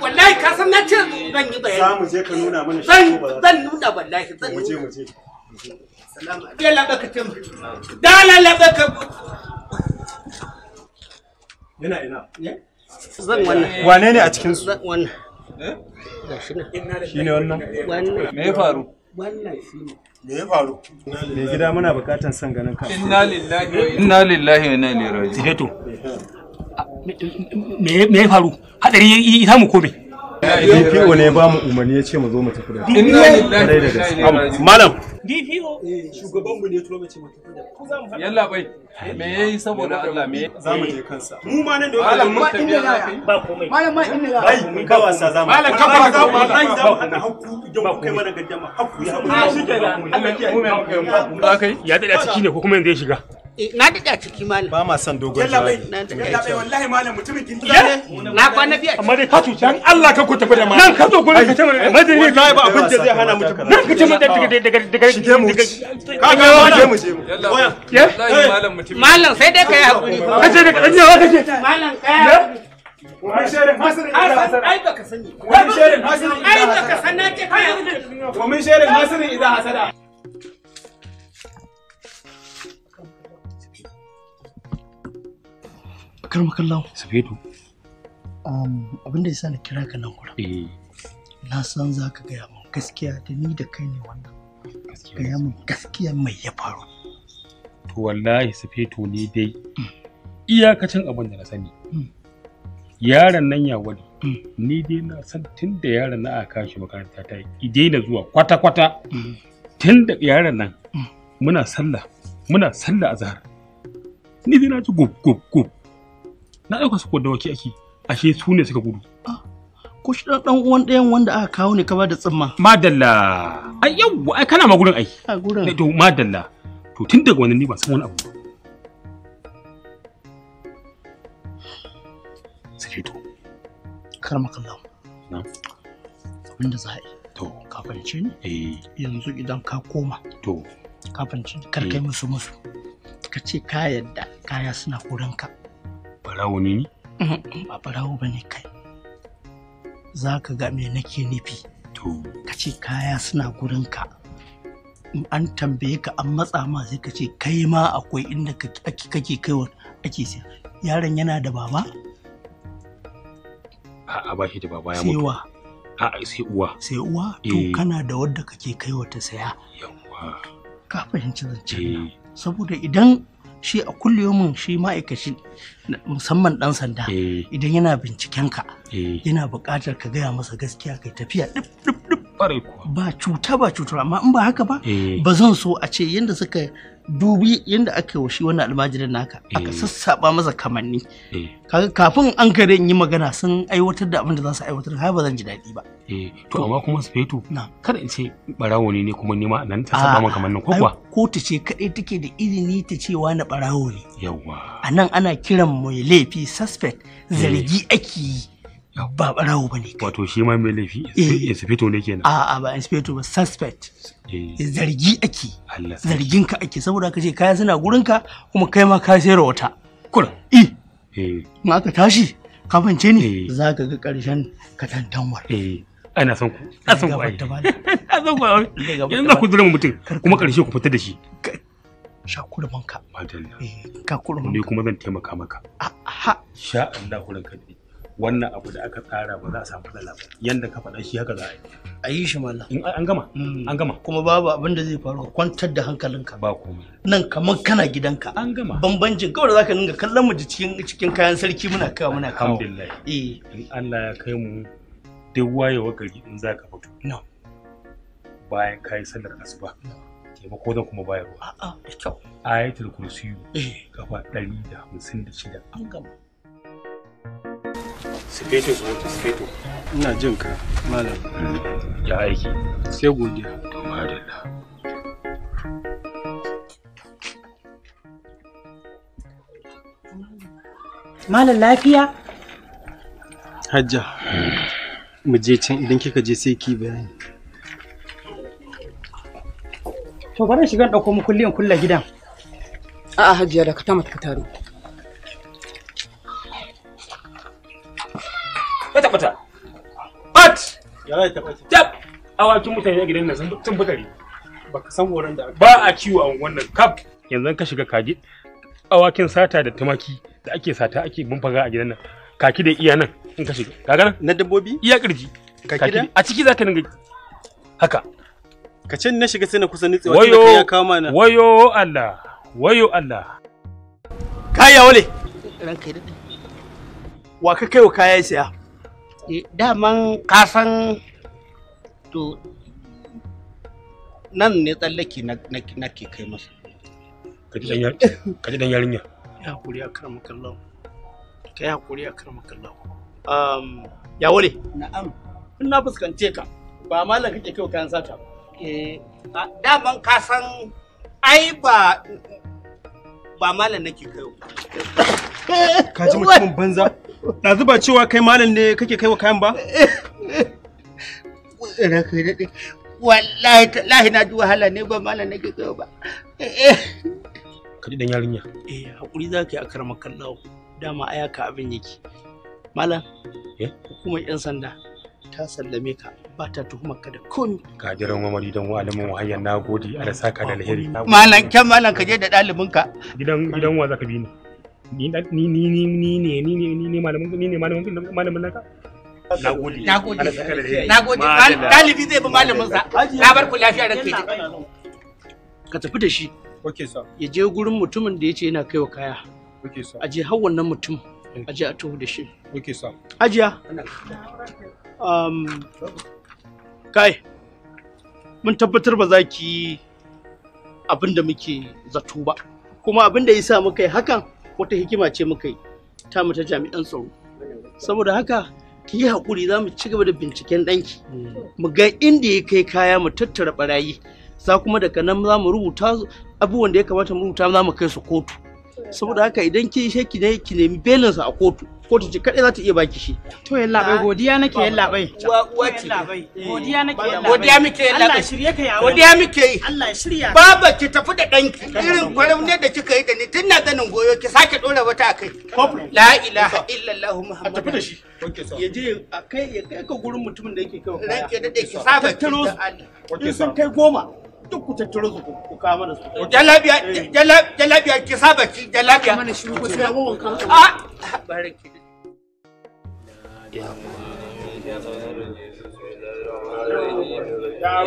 والله تقول نتشر زan yi bayani. Za mu je ka nuna mana shi ko ba za. Zan nuna wallahi zan Mu je mu je. Wane ne a cikin eh? Shi wannan? Me ya faru? Me ya gida muna bukatan son ka. Inna lillahi wa inna Me ya faru? Hadari ya ko me? ne ba mu umarni ya ce mu zo mu tafi da. Inna lillahi wa inna Malam, DPO eh, shugaban mu ne tulo bace mu da ku za mu haɗa yalla bai me yayi saboda Allah me za mu je kansa mu ma nan da malam ma inda za ba komai malam ma inda za ai mun ka wasa za mu malam ka ba za mu ai za mu haɗa hakku idan ku kai mana gaddama hakku ya mu shikenan Allah ya kai ya dade a ciki ne ko kuma yanzu ya shiga na daɗe a ciki malam ba ma son dogon jawabi yalla wallahi malam mutumin gindi na kwana biya amma dai ka cuce an Allah ka ku tafi da malam nan ka zo gurin ka ce mai madani wallahi ba abin da zai hana mu tafi nan ka ce mai daga daga daga shige ka ga mu je mu je mu wallahi malam mutumin malam sai dai ka hakuri ka ce daga danya wa kace malam kaya ومن شر حسد إذا حسد ومن شر حسد إذا حسد Kar Akar makallahu. Sufetu. Um, abin da sa na kira ka nan kura. Eh. Na san za ka gaya min gaskiya da ni da kai ne wannan. Gaya min gaskiya mai ya faru. To wallahi Sufetu ne dai. Iyakacin abin da na sani. Mm. Yaron nan ya wani. Mm. Ni dai na san tun da yaron na aka kashi makaranta ta yi daina zuwa kwata-kwata. Mm. Tun da yaron nan muna sallah muna sallah azhar. Ni dai na ci gub gub gub na dauka su da waki ake ashe su ne suka gudu ah, ko shi dan uwan ɗayan wanda aka kawo ne ka ba da tsimma madalla ai yawwa ai kana ma gurin ai a gurin eh, to madalla to tun daga wannan ni ba san wani abu sai to kar kallon abin da za a yi to ka fahimce ni eh yanzu idan ka koma to ka kar kai eh. musu musu ka ce ka yadda kaya suna koranka barawo ne ni? [LAUGHS] Ba barawo ba ne kai. Za ka ga me nake nufi. To. Ka ce kaya suna gurinka. In an tambaye ka an matsa ma sai ka ce kai ma akwai inda kake kaiwa ake siya. Yaron yana da baba? a ba shi da baba ya mutu. Sewa. sai uwa. Sai uwa? To eh. kana da wadda kake kaiwa ta saya. Yawwa. Ka fahimci zancen nan. Eh. Saboda idan shi a kulliyomin shi ma'aikaci musamman dan sanda eh. idan yana binciken ka eh. yana bukatar ka gaya masa gaskiya kai tafiya dip dip dip ba cuta ba cuta amma in ba haka ba eh. ba zan so a ce yadda suka dubi yadda aka yi shi wani almajirin naka aka eh. sassaba masa kamanni eh. kafin an kare in yi magana sun aiwatar da abin da za su aiwatar har ba zan ji daɗi ba to amma kuma su fetu kada in ce barawo ne kuma nema nan ta saba man kamannin ko kuwa ko ta ce kadai take da izini ta cewa na barawo ne yawa a nan ana kiran mai laifi suspect zargi ake yi ba barawo bane kai wato shi ma mai laifi eh. inspector ne kenan a'a ba inspector ba suspect eh. Eh, zargi ake zargin ka ake saboda ka ce kaya suna gurin ka kuma kai ma ka sayar wata kula i in aka tashi ka fance ne za ka ga karshen katantanwar eh ana son ku a [LAUGHS] son ku ai a son ku yanzu za ku zura mutum kuma karshe ku fitar da shi sha kurmanka madalla ka kurmanka ni kuma zan taimaka maka a'a sha Allah kuranka ne wannan abu da aka tsara ba za a samu matsala ba yanda ka faɗa shi haka za a yi a yi shi mallam an gama mm. an gama kuma babu abin da zai faru kwantar da hankalinka ba komai nan kamar kana gidanka an gama bambancin kawai da zaka dinga kallon mu cikin cikin kayan sarki muna kawo muna kawo alhamdulillah eh in Allah ya kai mu duk wayewa gari in za ka fito no bayan kai sallar asuba taimako zan kuma bayarwa a'a da kyau ayatul kursiyu eh. kafa 156 an gama sufeto su wata sufeto ina jin ka malam mm. ya aiki sai godiya madalla malam lafiya hajja mu je can idan kika je sai ki bayani to bari shigan dauko mu kulliyan kulla gidan a'a hajjiya da ka ta mata ka taro ya tabbata bat ya zai tabbata tab awakin mutane a gidan nan sun bukari baka san horon da ba a ciwo a wannan kap. yanzu ka shiga kaji awakin sata da tumaki da ake sata ake bumfaga a gidan nan kaki da iya nan in ka shiga kaga nan na dabbobi iya kirji kaki a ciki zaka dinga haka ka ce na shiga sai na kusa nitsewa wayo ya kama na wayo Allah wayo Allah kaya wale ranka yi wa ka kai wa kaya siya. Eh, daman kasan to nan ne tsallake na ke kai masa kaji dan yarinya ya hakuri a karma kallon ka ya hakuri a karma um ya wale na'am in na fuskance ka ba malam kake kai kayan sata ba eh daman kasan ai ba ba malam nake kai ka ji mutumin banza Na zuba cewa kai malam ne kake kai wa kayan ba? Eh, eh, eh, wallahi talahi na ji wahala ne ba malam nake kai ba. Ka dan yarinya. Eh hakuri zaka yi a karamar kallawo. Dama ayaka abin yake. Malam, hukumar 'yan sanda ta sallame ka ba ta tuhumar ka da komi. Ka jiran wamari dan wa alimin wahayyan na gode saka da alheri. Malam kyan malam ka je da dalibinka. Gidan gidan wa zaka bi ni? ni ni ni ni ni ne ni ne ni malamin ni ne malamin malamin naka nagode nagode eh. nagode dalibi zai bi malamin sa na bar ku lafiya da kai ka tafi da shi okay sir ya je gurin mutumin da yace yana kaiwa kaya okay sir a je har wannan mutum a a taho da shi okay sir ajiya um kai mun tabbatar ba za ki yi abin da muke zato ba kuma abin da ya sa muka yi hakan wata hikima ce muka yi ta mu ta jami'an tsaro saboda haka ki yi hakuri za mu ci gaba da binciken ɗanki mu ga inda ya kai kaya mu tattara barayi za kuma daga nan za mu rubuta abubuwan da ya kamata mu rubuta za mu kai su kotu saboda haka idan kin shi ki ne ki nemi sa a kotu kotu ce kadai za ta iya baki shi to yalla bai godiya nake yalla bai uwa uwa ce eh, godiya nake yalla godiya muke yalla Allah shirye ka yawo godiya muke yi Allah shirya baba ki tafi da danki irin gwaram ne da kika yi da ni tunna ganin goyo ki sake dora wata akai la ilaha illallah muhammadu tafi da shi ya je akai ya kai ka gurin mutumin da yake kai ranke da ki saba taro in sun kai goma duk ku tattaro su ku kawo mana su. Jalabiya jalabiya ki saba ki jalabiya. Mana shi ku sai wawan kan. Ah barki.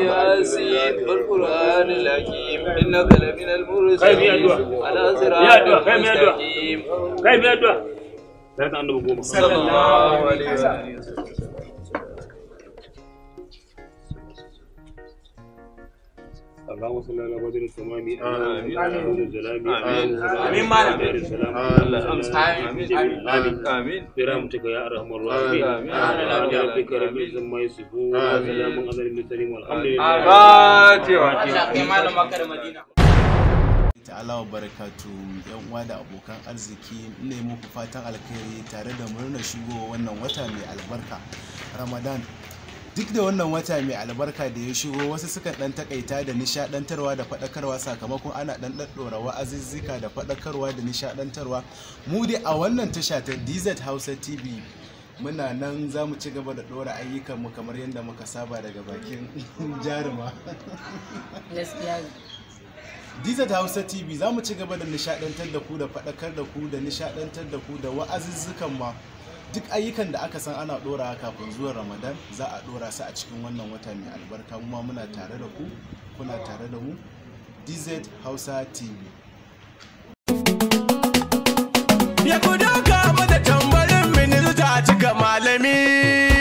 يا سيد القرآن الحكيم إنك لمن المرسلين على صراط مستقيم كيف يدعو؟ صلى الله عليه وسلم اللهم صل على بدر التمام امين امين امين امين امين امين امين امين امين ta'ala wa barakatu yan uwa da abokan arziki ne muku fatan alkhairi tare da murnar shigowa wannan wata mai albarka ramadan duk da wannan wata mai albarka da ya shigo wasu suka dan takaita da nishadantarwa da fadakarwa sakamakon ana dan daddora wa'azizzika da fadakarwa da nishadantarwa mu dai a wannan tasha ta DZ Hausa TV muna nan za mu ci gaba da ɗora mu kamar yadda muka saba daga bakin [LAUGHS] jaruma DZ Hausa TV za mu ci gaba da nishadantar da ku da faɗakar da ku da nishadantar da ku da wa'azizzikan ma duk ayyukan da aka san ana ɗorawa kafin zuwan ramadan za a ɗora su a cikin wannan wata mai albarka kuma muna tare da ku kuna tare da mu dz hausa tv ya ku doka mata tambarin minista cika malami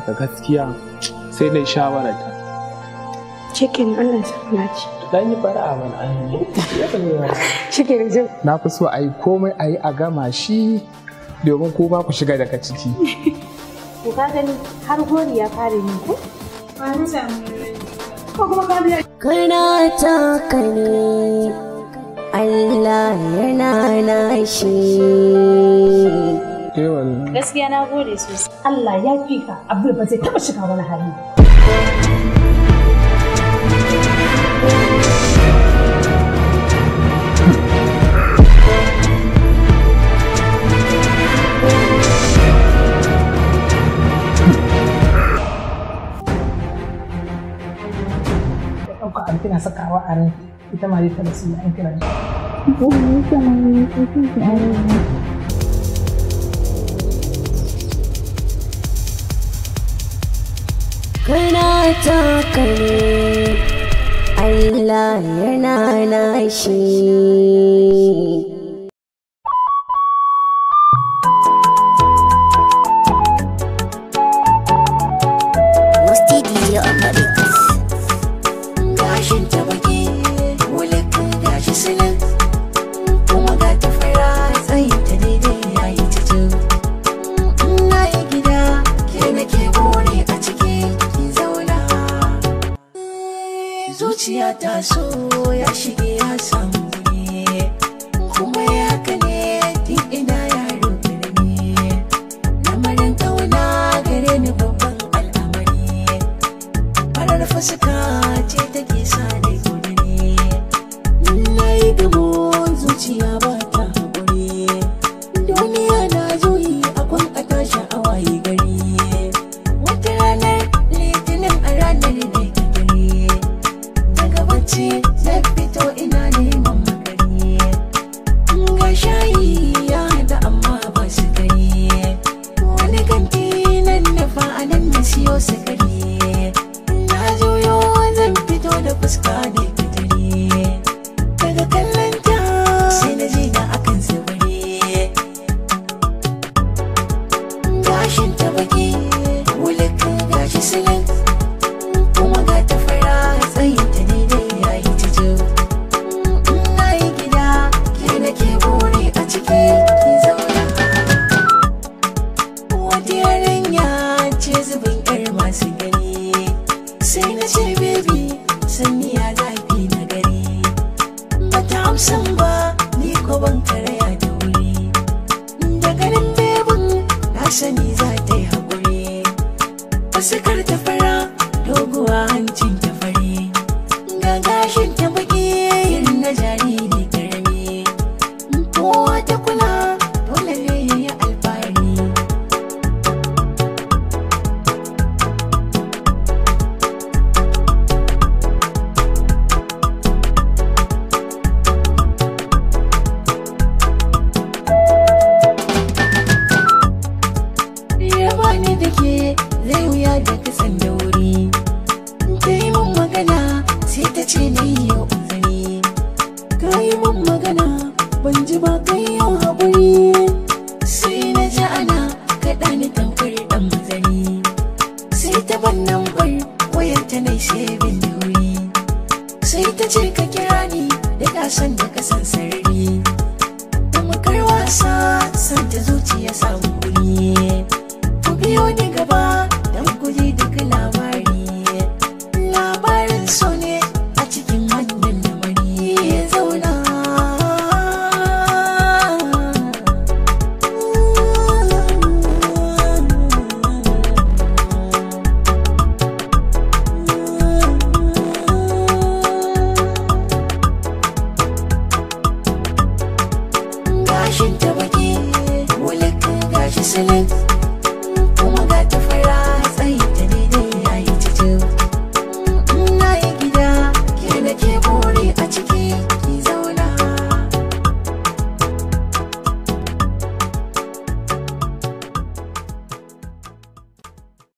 haka gaskiya sai na shawara ta cikin Allah sana ci dan yi fara mana an cikin jin na fi so a yi komai a yi a gama shi domin ko ba ku shiga daga ciki to ka gani har gori ya fara yin ko ba ni samu ko kuma ka biya kana ta kane Allah yana na shi. gode sosai. Allah ya fi ka Abdul ba zai taba shiga wani hali. ɗauka kina sakawa a rai ita ma ta da su an kira ne. Ita ma ne. Kana taka Allah yana nashi sing the